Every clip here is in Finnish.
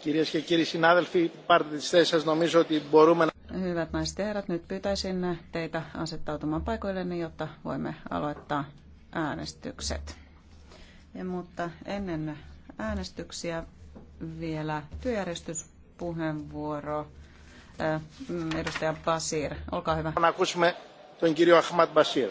Κυρίες και κύριοι συνάδελφοι, πάρτε τις θέσεις σας. Νομίζω ότι μπορούμε να... Hyvät naiset ja herrat, nyt pyytäisin teitä asettautumaan paikoillenne, jotta voimme aloittaa äänestykset. Ja, mutta ennen äänestyksiä vielä työjärjestyspuheenvuoro. Äh, mm, edustaja Basir, olkaa hyvä. Mä kuusimme tuon kirjo Ahmad Basir.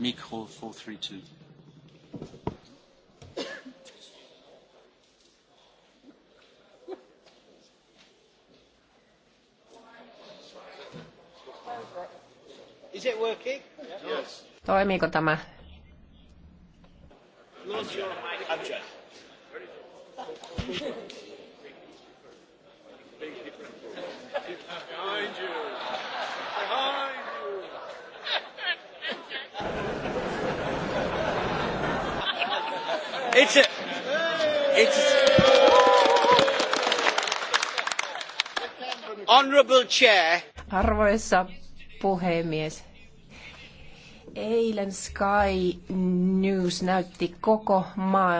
Micro 432. Is it working? Yes. Toimiiko tämä? Behind you. It's a, it's honorable chair. Arvoisa puhemies, eilen Sky News näytti koko maailman.